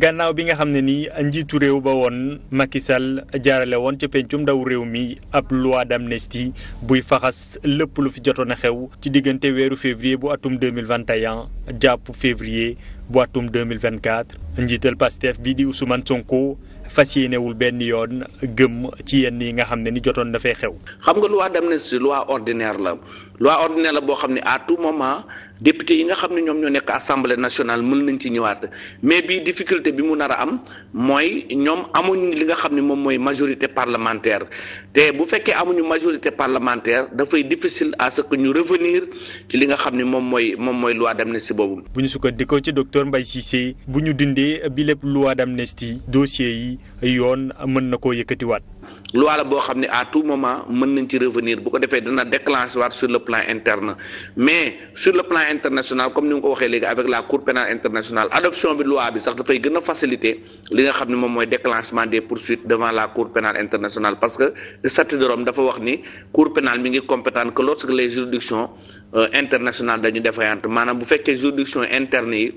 gannaaw bi nga xam ne ni njiitu réew ba woon Macky Sall jaarale woon ca pencum ndaw réew mi ab loi d'amnistie buy faxas lépp lu fi jotoon na xew ci diggante weeru février bu atum 2021 jàpp février bu atum 2024 njiital Pastef bi di Ousmane Sonko fas yéenewul benn yoon gëm ci yenn yi nga xam ne ni jotoon dafay xew. xam nga loi d'amnistie loi ordinaire la loi ordinaire la boo xam ne à tout moment député yi nga xam ne ñoom ñoo nekk assemblée nationale mën nañ ci ñëwaat mais bii difficulté bi mu nar am mooy ñoom amuñ li nga xam ne moom mooy majorité parlementaire te bu fekkee amuñu majorité parlementaire dafay difficile à ñu revenir ci li nga xam ne moom mooy moom mooy loi d'amnistie boobu. bu ñu sukkandikoo ci docteur Mbaye Cissé bu ñu dindee bi lépp loi d'amnistie dossier yi yoon mën na koo yëkkatiwaat. loi la boo xam ne à tout moment mën nañ ci revenir bu ko defee dana déclenché waat sur le plan interne mais sur le plan international comme ni nga ko waxee léegi avec la cour pénale internationale adoption bi loi bi sax dafay gën a faciliter li nga xam ne moom mooy déclenchement des poursuites devant la cour pénale internationale parce que statut de Rome dafa wax ni cour pénale mi ngi compétente que lorsque les juridictions euh, internationales dañu défaillante maanaam bu fekkee juridiction interne yi.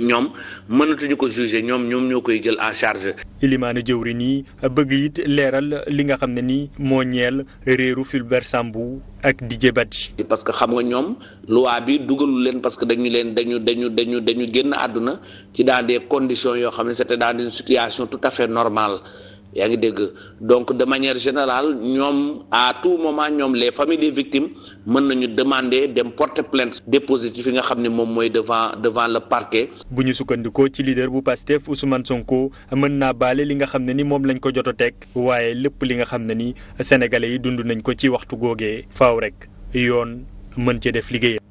ñoom mënatuñu ko jugé ñoom ñoom ñoo koy jël en charge. ilimaanu jëwri nii bëgg it leeral li nga xam ne ni moo ñeel réeru Fulbert Sambou ak Didier Badji. parce que xam nga ñoom loi bi dugalu leen parce que dañu leen dañu dañu dañu dañu génn àdduna ci dans des conditions yoo xam ne c'était dans une situation tout à fait normale. yaa ngi dégg donc de manière générale ñoom à tout moment ñoom les familles des victimes mën nañu demander dem porter plainte déposer yi nga xam ne moom mooy devant devant le parquet. bu ñu sukkandikoo ci leader bu Pastef Ousmane Sonko mën naa baale li nga xam ne ni moom lañ ko jot a teg waaye lépp li nga xam ne ni sénégalais yi dund nañ ko ci waxtu googee faw rek yoon mën cee def liggéeyam.